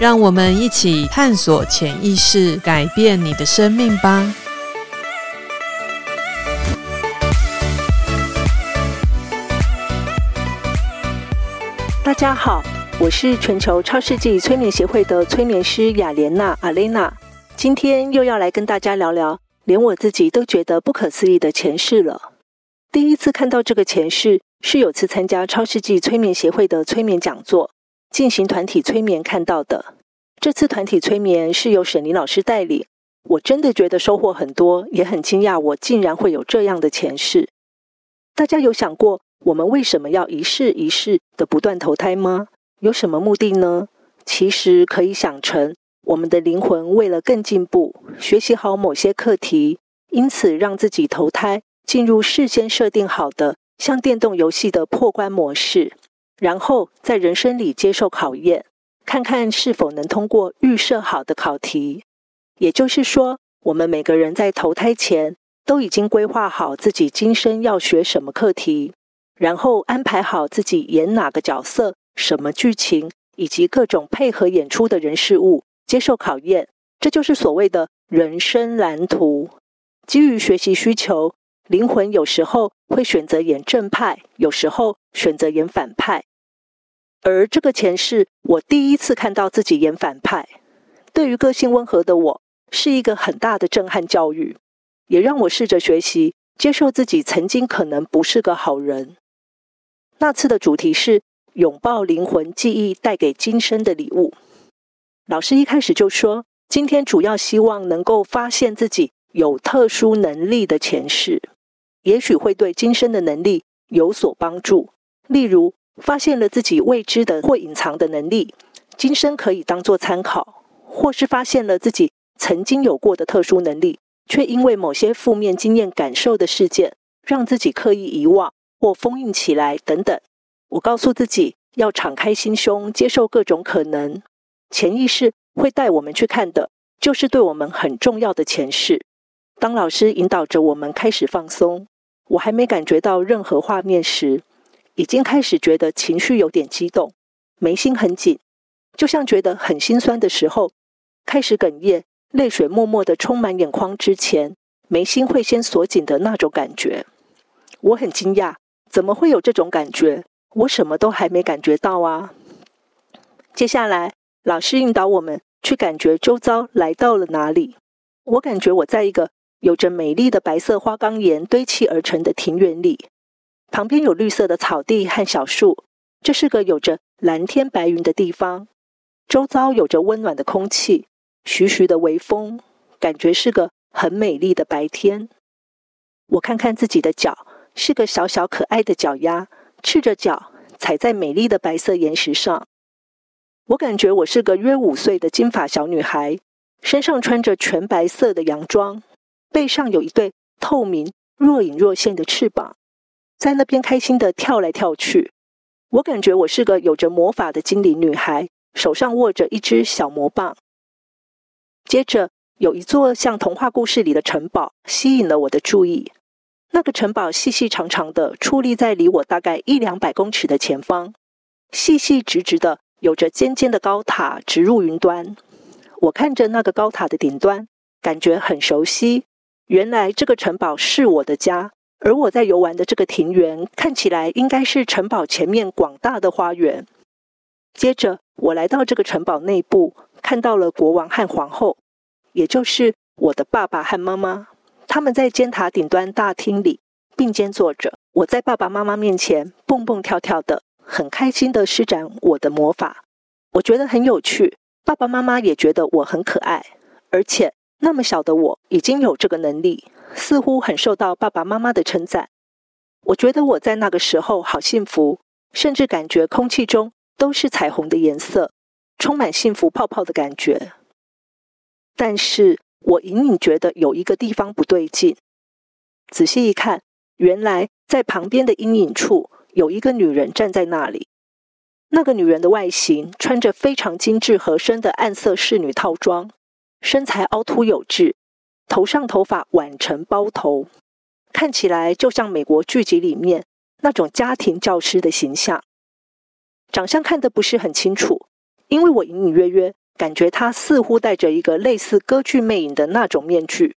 讓我們一起探索潛意識，改變你的生命吧！大家好，我是全球超世紀催眠協會的催眠師雅蓮娜 ·Alena。今天又要來跟大家聊聊，連我自己都覺得不可思議的前世了。第一次看到這個前世，是有次參加超世紀催眠協會的催眠講座。進行團體催眠看到的。這次團體催眠是由沈伶老師帶領，我真的覺得收穫很多，也很驚訝，我竟然會有這樣的前世。大家有想過，我們為什麼要一世一世的不斷投胎嗎？有什麼目的呢？其實可以想成，我們的靈魂為了更進步，學習好某些課題，因此讓自己投胎進入事先設定好的像電動遊戲的破關模式，然後在人生裡接受考驗，看看是否能通過預設好的考題。也就是說，我們每個人在投胎前都已經規劃好自己今生要學什麼課題，然後安排好自己演哪個角色、什麼劇情，以及各種配合演出的人事物，接受考驗。這就是所謂的人生藍圖。基於學習需求，靈魂有時候會選擇演正派，有時候選擇演反派。而這個前世，我第一次看到自己演反派，對於個性溫和的我，是一個很大的震撼教育，也讓我試着學習接受自己曾經可能不是個好人。那次的主題是擁抱靈魂記憶帶給今生的禮物。老師一開始就說，今天主要希望能夠發現自己有特殊能力的前世，也許會對今生的能力有所幫助，例如，發現了自己未知的或隱藏的能力，今生可以當作參考，或是發現了自己曾經有過的特殊能力，卻因為某些負面經驗感受的事件，讓自己刻意遺忘或封印起來等等。我告訴自己要敞開心胸，接受各種可能。潛意識會帶我們去看的，就是對我們很重要的前世。當老師引導着我們開始放鬆，我還沒感覺到任何畫面時，已經開始覺得情緒有點激動，眉心很緊，就像覺得很心酸的時候，開始哽咽，淚水默默地充滿眼眶之前，眉心會先鎖緊的那種感覺。我很驚訝，怎麼會有這種感覺？我什麼都還沒感覺到啊。接下來，老師引導我們去感覺周遭來到了哪裡。我感覺我在一個有着美麗的白色花崗岩堆砌而成的庭園裡。旁邊有綠色的草地和小樹，這是個有着藍天白雲的地方。周遭有着溫暖的空氣，徐徐的微風，感覺是個很美麗的白天。我看看自己的腳，是個小小可愛的腳丫，赤着腳踩在美麗的白色岩石上。我感覺我是個約五歲的金髮小女孩，身上穿着全白色的洋裝，背上有一對透明若隱若現的翅膀。在那邊開心的跳來跳去，我感覺我是個有着魔法的精靈女孩，手上握着一隻小魔棒。接着，有一座像童話故事裡的城堡吸引了我的注意。那個城堡細細長長的矗立在離我大概一兩百公尺的前方，細細直直的，有着尖尖的高塔直入雲端。我看着那個高塔的頂端，感覺很熟悉。原來這個城堡是我的家。而我在遊玩的這個庭園，看起來應該是城堡前面廣大的花園。接着，我來到這個城堡內部，看到了國王和皇後，也就是我的爸爸和媽媽。他們在尖塔頂端大廳裡並肩坐着。我在爸爸媽媽面前蹦蹦跳跳的，很開心的施展我的魔法。我覺得很有趣，爸爸媽媽也覺得我很可愛，而且那麼小的我已經有這個能力。似乎很受到爸爸媽媽的稱讚，我覺得我在那個時候好幸福，甚至感覺空氣中都是彩虹的顏色，充滿幸福泡泡的感覺。但是我隱隱覺得有一個地方不對勁，仔細一看，原來在旁邊的陰影處有一個女人站在那裡。那個女人的外形穿着非常精致合身的暗色侍女套裝，身材凹凸有致。頭上頭髮挽成包頭，看起來就像美國劇集裡面那種家庭教師的形象。長相看得不是很清楚，因為我隱隱約約感覺他似乎戴着一個類似歌劇魅影的那種面具，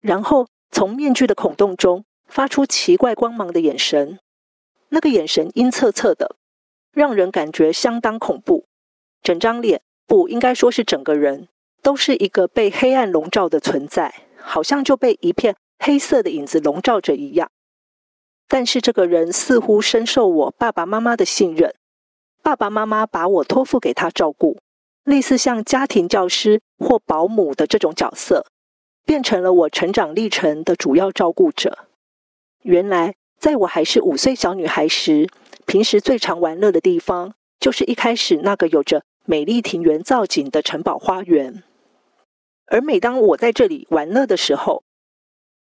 然後從面具的孔洞中發出奇怪光芒的眼神。那個眼神陰惻惻的，讓人感覺相當恐怖。整張臉不應該說是整個人，都是一個被黑暗籠罩的存在，好像就被一片黑色的影子籠罩着一樣。但是這個人似乎深受我爸爸媽媽的信任，爸爸媽媽把我託付給他照顧，類似像家庭教師或保姆的這種角色，變成了我成長歷程的主要照顧者。原來，在我還是五歲小女孩時，平時最常玩樂的地方，就是一開始那個有着美麗庭園造景的城堡花園。而每當我在這裡玩樂的時候，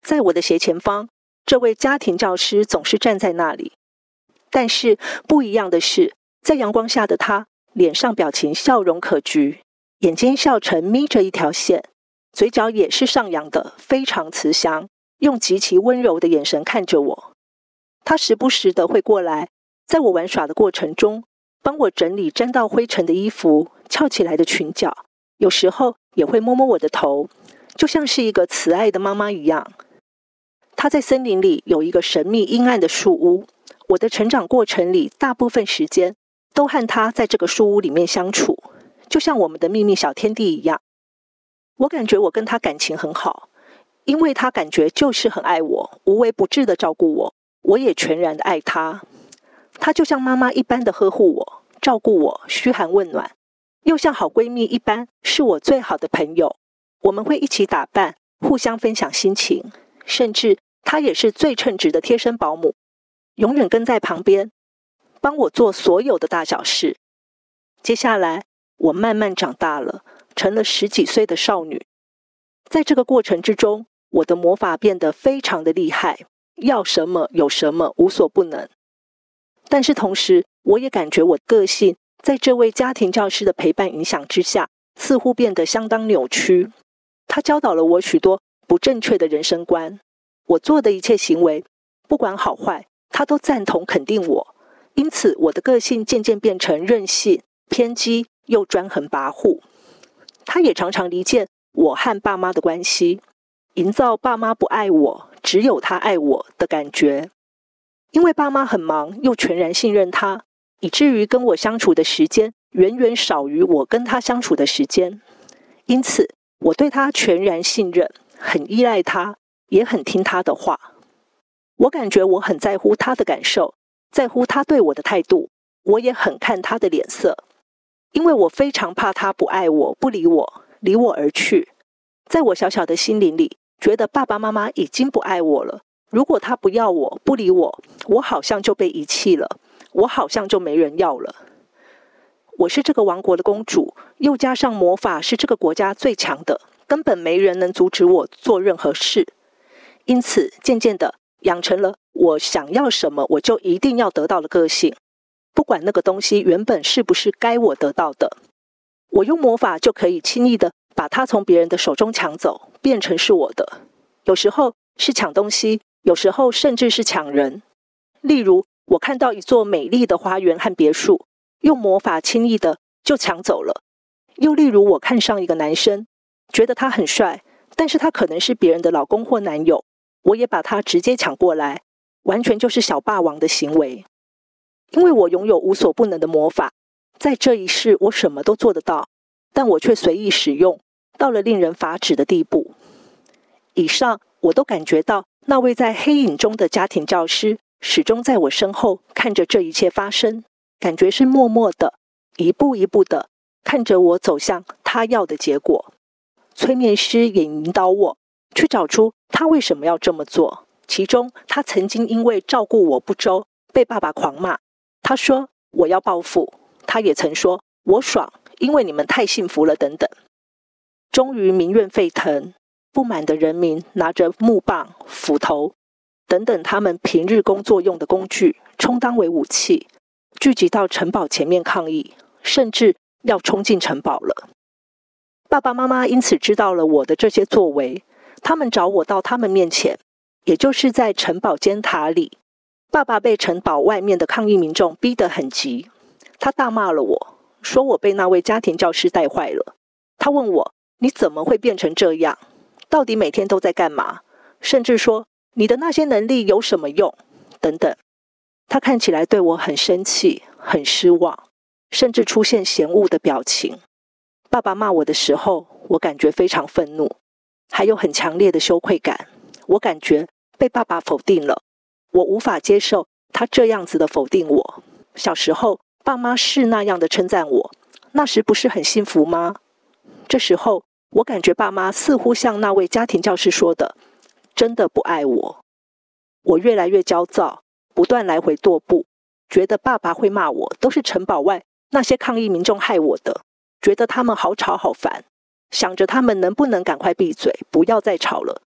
在我的斜前方，這位家庭教師總是站在那裡。但是不一樣的是，在陽光下的他，臉上表情笑容可掬，眼睛笑成眯着一條線，嘴角也是上揚的，非常慈祥，用極其溫柔的眼神看着我。他時不時的會過來，在我玩耍的過程中，幫我整理沾到灰塵的衣服、翹起來的裙角，有時候。也會摸摸我的頭，就像是一個慈愛的媽媽一樣。她在森林裡有一個神秘陰暗的樹屋，我的成長過程裡大部分時間都和她在這個樹屋裡面相處，就像我們的秘密小天地一樣。我感覺我跟她感情很好，因為她感覺就是很愛我，無微不至的照顧我，我也全然的愛她。她就像媽媽一般的呵護我、照顧我、噓寒問暖。又像好閨蜜一般，是我最好的朋友。我們會一起打扮，互相分享心情，甚至她也是最稱職的貼身保姆，永遠跟在旁邊，幫我做所有的大小事。接下來，我慢慢長大了，成了十幾歲的少女。在這個過程之中，我的魔法變得非常的厲害，要什麼有什麼，無所不能。但是同時，我也感覺我個性，在這位家庭教師的陪伴影響之下，似乎變得相當扭曲。他教導了我許多不正確的人生觀，我做的一切行為，不管好壞，他都讚同肯定我。因此，我的個性漸漸變成任性、偏激又專橫跋扈。他也常常離間我和爸媽的關係，營造爸媽不愛我，只有他愛我的感覺。因為爸媽很忙，又全然信任他。以至於跟我相處的時間遠遠少於我跟他相處的時間，因此我對他全然信任，很依賴他，也很聽他的話。我感覺我很在乎他的感受，在乎他對我的態度，我也很看他的臉色，因為我非常怕他不愛我、不理我、離我而去。在我小小的心靈裡，覺得爸爸媽媽已經不愛我了。如果他不要我、不理我，我好像就被遺棄了。我好像就沒人要了。我是這個王國的公主，又加上魔法是這個國家最強的，根本沒人能阻止我做任何事。因此，漸漸的養成了我想要什麼我就一定要得到的個性。不管那個東西原本是不是該我得到的，我用魔法就可以輕易的把它從別人的手中搶走，變成是我的。有時候是搶東西，有時候甚至是搶人。例如，我看到一座美麗的花園和別墅，用魔法輕易地就搶走了。又例如，我看上一個男生，覺得他很帥，但是他可能是別人的老公或男友，我也把他直接搶過來，完全就是小霸王的行為。因為我擁有無所不能的魔法，在這一世我什麼都做得到，但我卻隨意使用，到了令人髮指的地步。以上我都感覺到那位在黑影中的家庭教師。始終在我身後看着這一切發生，感覺是默默的，一步一步的看着我走向他要的結果。催眠師也引導我去找出他為什麼要這麼做。其中，他曾經因為照顧我不周被爸爸狂罵，他說我要報復。他也曾說我爽，因為你們太幸福了等等。終於民怨沸騰，不滿的人民拿着木棒、斧頭。等等，他們平日工作用的工具充當為武器，聚集到城堡前面抗議，甚至要衝進城堡了。爸爸媽媽因此知道了我的這些作為，他們找我到他們面前，也就是在城堡尖塔裡。爸爸被城堡外面的抗議民眾逼得很急，他大罵了我，說我被那位家庭教師帶壞了。他問我，你怎麼會變成這樣？到底每天都在幹嘛？甚至說，你的那些能力有什麼用？等等，他看起來對我很生氣、很失望，甚至出現嫌惡的表情。爸爸罵我的時候，我感覺非常憤怒，還有很強烈的羞愧感。我感覺被爸爸否定了，我無法接受他這樣子的否定我。小時候，爸媽是那樣的稱讚我，那時不是很幸福嗎？這時候，我感覺爸媽似乎像那位家庭教師說的。真的不愛我，我越來越焦躁，不斷來回踱步，覺得爸爸會罵我，都是城堡外那些抗議民眾害我的，覺得他們好吵好煩，想着他們能不能趕快閉嘴，不要再吵了。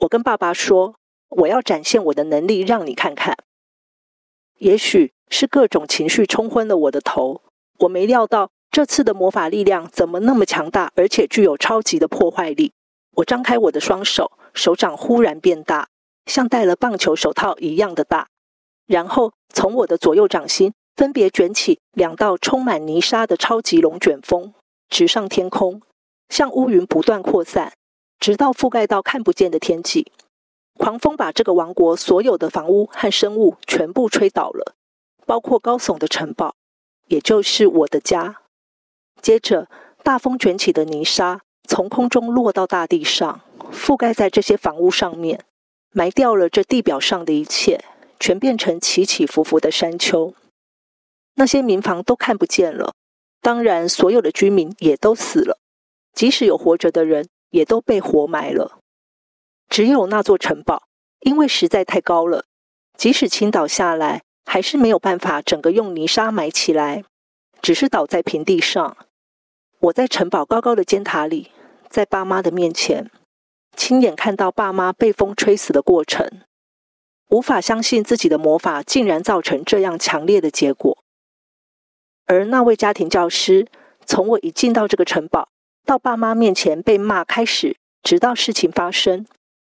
我跟爸爸說，我要展現我的能力，讓你看看。也許是各種情緒沖昏了我的頭，我沒料到這次的魔法力量怎麼那麼強大，而且具有超級的破壞力。我張開我的雙手。手掌忽然變大，像戴了棒球手套一樣的大，然後從我的左右掌心分別捲起兩道充滿泥沙的超級龍捲風，直上天空，向烏雲不斷擴散，直到覆蓋到看不見的天際。狂風把這個王國所有的房屋和生物全部吹倒了，包括高聳的城堡，也就是我的家。接着，大風捲起的泥沙從空中落到大地上。覆蓋在這些房屋上面，埋掉了這地表上的一切，全變成起起伏伏的山丘。那些民房都看不見了，當然，所有的居民也都死了。即使有活着的人，也都被活埋了。只有那座城堡，因為實在太高了，即使傾倒下來，還是沒有辦法整個用泥沙埋起來，只是倒在平地上。我在城堡高高的尖塔裡，在爸媽的面前。親眼看到爸媽被風吹死的過程，無法相信自己的魔法竟然造成這樣強烈的結果。而那位家庭教師，從我一進到這個城堡，到爸媽面前被罵開始，直到事情發生，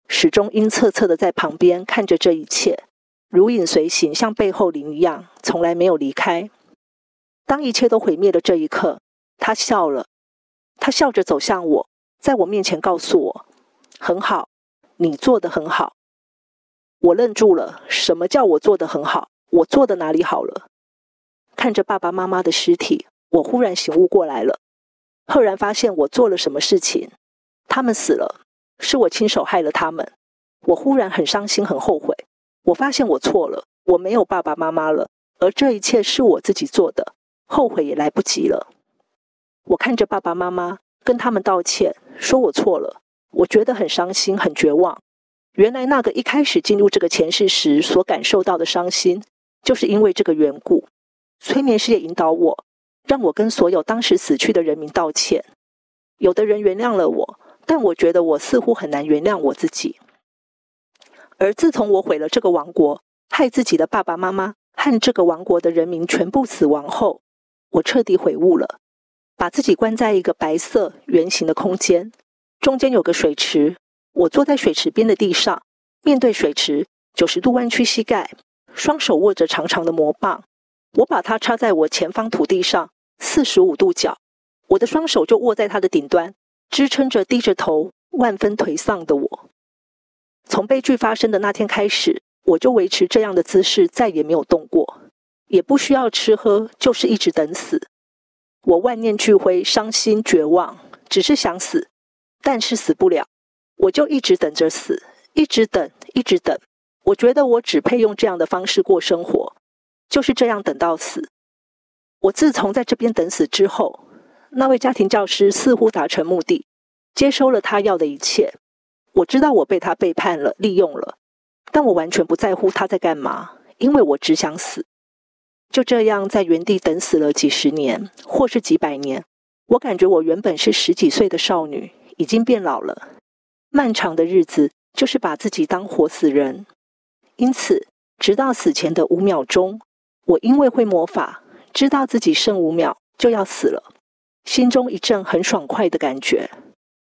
始終陰惻惻的在旁邊看着這一切，如影隨形，像背後靈一樣，從來沒有離開。當一切都毀滅的這一刻，他笑了，他笑着走向我，在我面前告訴我。很好，你做的很好。我愣住了，什麼叫我做的很好？我做的哪裡好了？看着爸爸媽媽的屍體，我忽然醒悟過來了，赫然發現我做了什麼事情。他們死了，是我親手害了他們。我忽然很傷心，很後悔。我發現我錯了，我沒有爸爸媽媽了，而這一切是我自己做的，後悔也來不及了。我看着爸爸媽媽，跟他們道歉，說我錯了。我覺得很傷心，很絕望。原來那個一開始進入這個前世時所感受到的傷心，就是因為這個緣故。催眠師也引導我，讓我跟所有當時死去的人民道歉。有的人原諒了我，但我覺得我似乎很難原諒我自己。而自從我毀了這個王國，害自己的爸爸媽媽和這個王國的人民全部死亡後，我徹底悔悟了，把自己關在一個白色圓形的空間。中間有個水池，我坐在水池邊的地上，面對水池，九十度彎曲膝蓋，雙手握着長長的魔棒，我把它插在我前方土地上四十五度角，我的雙手就握在它的頂端，支撐着低着頭萬分頹喪的我。從悲劇發生的那天開始，我就維持這樣的姿勢，再也沒有動過，也不需要吃喝，就是一直等死。我萬念俱灰，傷心絕望，只是想死。但是死不了，我就一直等着死，一直等，一直等。我覺得我只配用這樣的方式過生活，就是這樣等到死。我自從在這邊等死之後，那位家庭教師似乎達成目的，接收了他要的一切。我知道我被他背叛了，利用了，但我完全不在乎他在幹嘛，因為我只想死。就這樣在原地等死了幾十年，或是幾百年。我感覺我原本是十幾歲的少女。已經變老了，漫長的日子就是把自己當活死人。因此，直到死前的五秒鐘，我因為會魔法，知道自己剩五秒就要死了，心中一陣很爽快的感覺，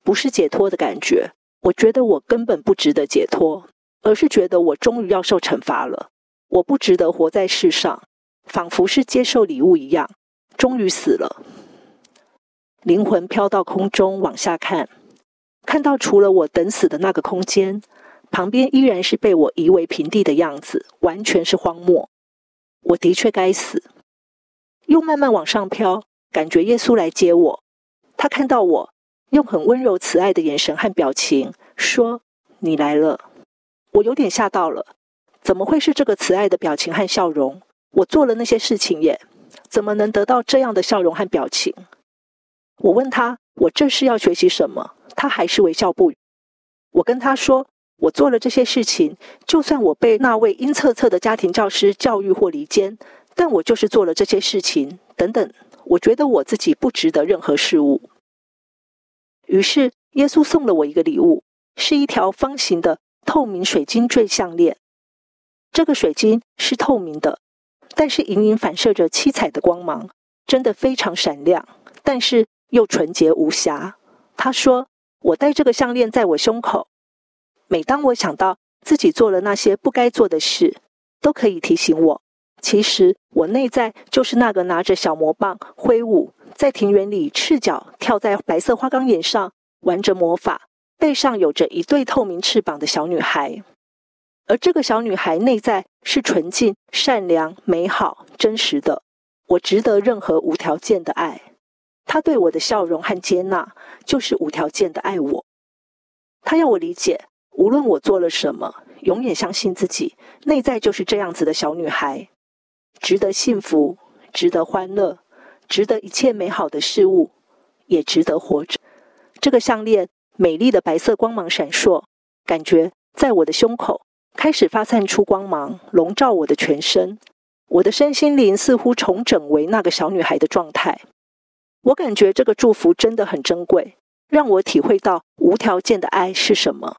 不是解脫的感覺。我覺得我根本不值得解脫，而是覺得我終於要受懲罰了。我不值得活在世上，仿佛是接受禮物一樣，終於死了。靈魂飄到空中，往下看，看到除了我等死的那個空間，旁邊依然是被我夷為平地的樣子，完全是荒漠。我的確該死。又慢慢往上飄，感覺耶穌來接我。他看到我，用很溫柔慈愛的眼神和表情說：“你來了。”我有點嚇到了，怎麼會是這個慈愛的表情和笑容？我做了那些事情耶，怎麼能得到這樣的笑容和表情？我問他：“我這是要學習什麼？”他還是微笑不語。我跟他說：“我做了這些事情，就算我被那位陰惻惻的家庭教師教育或離間，但我就是做了這些事情。”等等，我覺得我自己不值得任何事物。於是，耶穌送了我一個禮物，是一條方形的透明水晶墜項鏈。這個水晶是透明的，但是隱隱反射着七彩的光芒，真的非常閃亮。但是，又純潔無瑕。她說：“我戴這個項鏈在我胸口，每當我想到自己做了那些不該做的事，都可以提醒我。其實我內在就是那個拿着小魔棒揮舞，在庭園裡赤腳跳在白色花崗岩上玩着魔法，背上有着一對透明翅膀的小女孩。而這個小女孩內在是純淨、善良、美好、真實的。我值得任何無條件的愛。”他對我的笑容和接納，就是無條件的愛我。他要我理解，無論我做了什麼，永遠相信自己內在就是這樣子的小女孩，值得幸福，值得歡樂，值得一切美好的事物，也值得活着。這個項鏈美麗的白色光芒閃爍，感覺在我的胸口開始發散出光芒，籠罩我的全身。我的身心靈似乎重整為那個小女孩的狀態。我感覺這個祝福真的很珍貴，讓我體會到無條件的愛是什麼。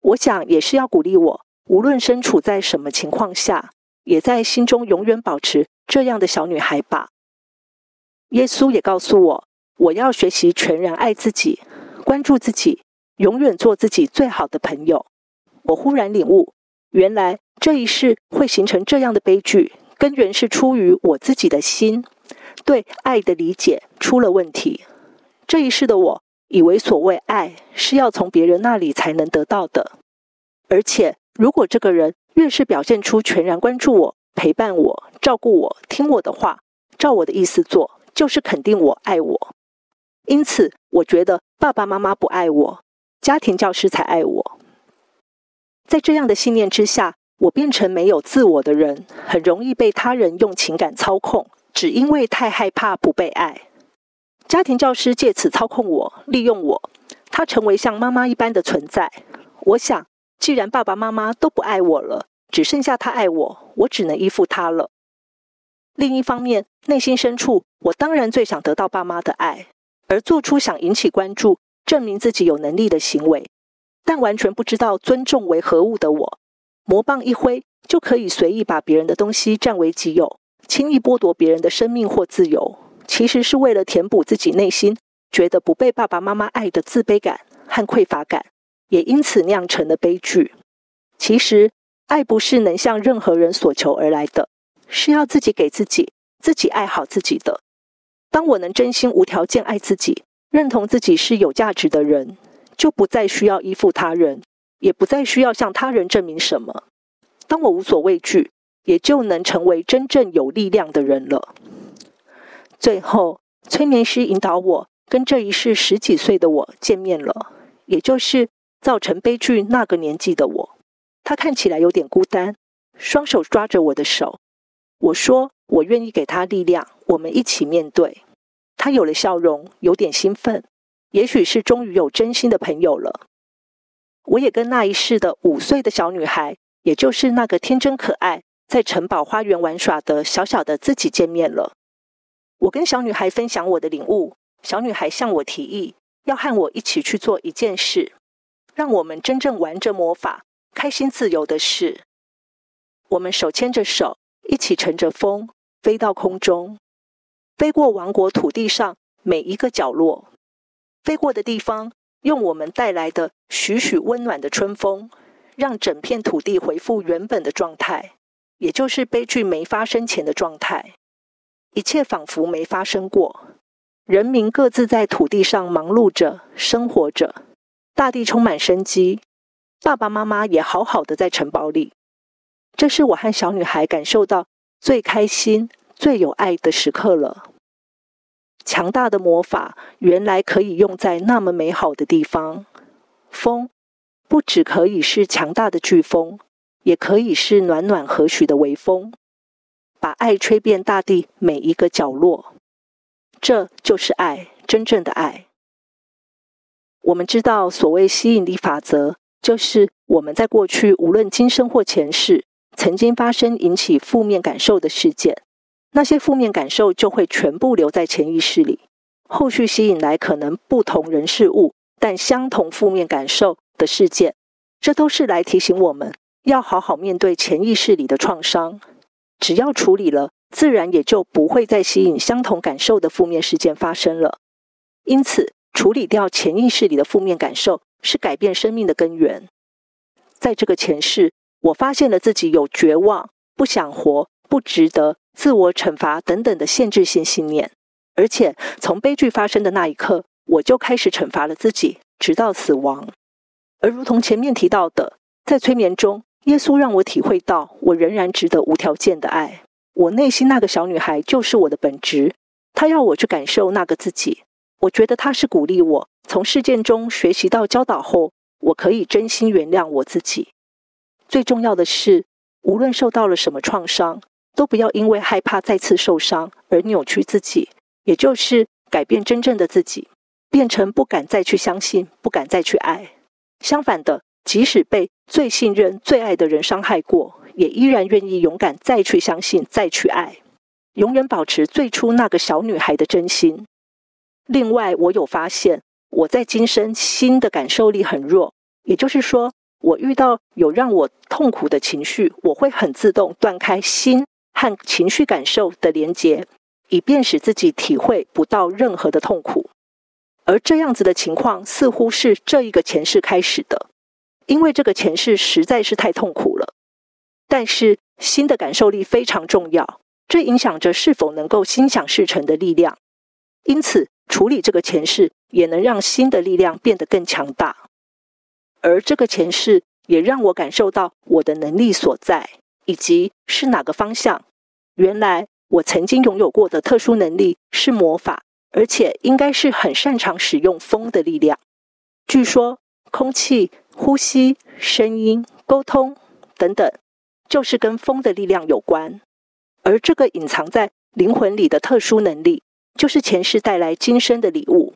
我想也是要鼓勵我，無論身處在什麼情況下，也在心中永遠保持這樣的小女孩吧。耶穌也告訴我，我要學習全然愛自己，關注自己，永遠做自己最好的朋友。我忽然領悟，原來這一世會形成這樣的悲劇，根源是出於我自己的心。對愛的理解出了問題。這一世的我以為，所謂愛是要從別人那裡才能得到的。而且，如果這個人越是表現出全然關注我、陪伴我、照顧我、聽我的話、照我的意思做，就是肯定我愛我。因此，我覺得爸爸媽媽不愛我，家庭教師才愛我。在這樣的信念之下，我變成沒有自我的人，很容易被他人用情感操控。只因為太害怕不被愛，家庭教師借此操控我，利用我，他成為像媽媽一般的存在。我想，既然爸爸媽媽都不愛我了，只剩下他愛我，我只能依附他了。另一方面，內心深處，我當然最想得到爸媽的愛，而做出想引起關注、證明自己有能力的行為。但完全不知道尊重為何物的我，魔棒一揮，就可以隨意把別人的東西佔為己有。輕易剝奪別人的生命或自由，其實是為了填補自己內心覺得不被爸爸媽媽愛的自卑感和匱乏感，也因此釀成了悲劇。其實，愛不是能向任何人索求而來的，是要自己給自己，自己愛好自己的。當我能真心無條件愛自己，認同自己是有價值的人，就不再需要依附他人，也不再需要向他人證明什麼。當我無所畏懼，也就能成為真正有力量的人了。最後，催眠師引導我跟這一世十幾歲的我見面了，也就是造成悲劇那個年紀的我。他看起來有點孤單，雙手抓着我的手。我說：“我願意給他力量，我們一起面對。”他有了笑容，有點興奮，也許是終於有真心的朋友了。我也跟那一世的五歲的小女孩，也就是那個天真可愛。在城堡花園玩耍的小小的自己見面了。我跟小女孩分享我的領悟，小女孩向我提議要和我一起去做一件事，讓我們真正玩着魔法、開心、自由的事。我們手牽着手，一起乘着風飛到空中，飛過王國土地上每一個角落。飛過的地方，用我們帶來的徐徐溫暖的春風，讓整片土地恢復原本的狀態。也就是悲劇沒發生前的狀態，一切仿佛沒發生過。人民各自在土地上忙碌着，生活着，大地充滿生機。爸爸媽媽也好好的在城堡裡。這是我和小女孩感受到最開心、最有愛的時刻了。強大的魔法原來可以用在那麼美好的地方。風不只可以是強大的颶風。也可以是暖暖和煦的微風，把愛吹遍大地每一個角落。這就是愛，真正的愛。我們知道，所謂吸引力法則，就是我們在過去無論今生或前世，曾經發生引起負面感受的事件，那些負面感受就會全部留在潛意識裡，後續吸引來可能不同人事物，但相同負面感受的事件。這都是來提醒我們。要好好面對潛意識裡的創傷，只要處理了，自然也就不會再吸引相同感受的負面事件發生了。因此，處理掉潛意識裡的負面感受是改變生命的根源。在這個前世，我發現了自己有絕望、不想活、不值得、自我懲罰等等的限制性信念，而且從悲劇發生的那一刻，我就開始懲罰了自己，直到死亡。而如同前面提到的，在催眠中，耶穌讓我體會到，我仍然值得無條件的愛。我內心那個小女孩就是我的本質，她要我去感受那個自己。我覺得她是鼓勵我從事件中學習到教導後，我可以真心原諒我自己。最重要的是，無論受到了什麼創傷，都不要因為害怕再次受傷而扭曲自己，也就是改變真正的自己，變成不敢再去相信、不敢再去愛。相反的。即使被最信任、最愛的人傷害過，也依然願意勇敢再去相信、再去愛，永遠保持最初那個小女孩的真心。另外，我有發現，我在今生心的感受力很弱，也就是說，我遇到有讓我痛苦的情緒，我會很自動斷開心和情緒感受的連接，以便使自己體會不到任何的痛苦。而這樣子的情況，似乎是這一個前世開始的。因為這個前世實在是太痛苦了，但是心的感受力非常重要，這影響着是否能夠心想事成的力量。因此，處理這個前世也能讓心的力量變得更強大。而這個前世也讓我感受到我的能力所在，以及是哪個方向。原來我曾經擁有過的特殊能力是魔法，而且應該是很擅長使用風的力量。據說，空氣呼吸、聲音、溝通等等，就是跟風的力量有關。而這個隱藏在靈魂裡的特殊能力，就是前世帶來今生的禮物。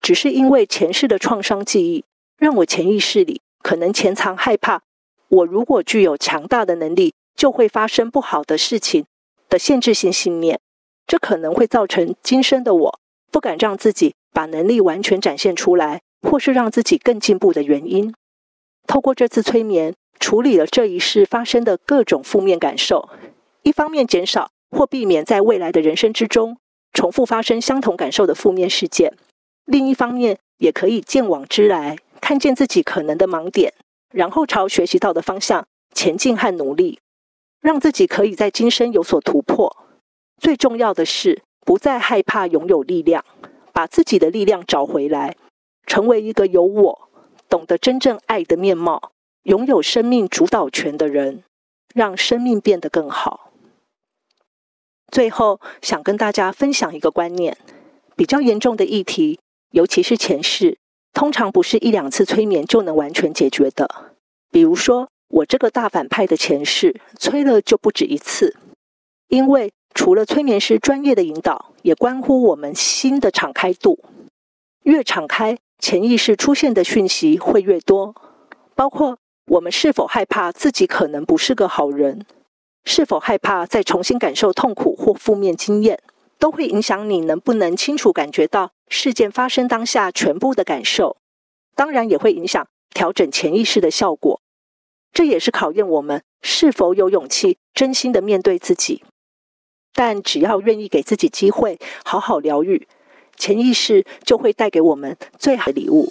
只是因為前世的創傷記憶，讓我潛意識裡可能潛藏害怕，我如果具有強大的能力，就會發生不好的事情的限制性信念。這可能會造成今生的我，不敢讓自己把能力完全展現出來，或是讓自己更進步的原因。透過這次催眠，處理了這一世發生的各種負面感受，一方面減少或避免在未來的人生之中重複發生相同感受的負面事件；另一方面，也可以鑑往知來，看見自己可能的盲點，然後朝學習到的方向前進和努力，讓自己可以在今生有所突破。最重要的是，不再害怕擁有力量，把自己的力量找回來，成為一個有我。懂得真正愛的面貌，擁有生命主導權的人，讓生命變得更好。最後，想跟大家分享一個觀念：比較嚴重的議題，尤其是前世，通常不是一兩次催眠就能完全解決的。比如說，我這個大反派的前世催了就不止一次，因為除了催眠師專業的引導，也關乎我們心的敞開度，越敞開。潛意識出現的訊息會越多，包括我們是否害怕自己可能不是個好人，是否害怕再重新感受痛苦或負面經驗，都會影響你能不能清楚感覺到事件發生當下全部的感受。當然也會影響調整潛意識的效果。這也是考驗我們是否有勇氣真心地面對自己。但只要願意給自己機會，好好療癒。潛意識就會帶給我們最好的禮物。